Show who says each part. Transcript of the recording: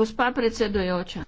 Speaker 1: Gospa predsedujoča,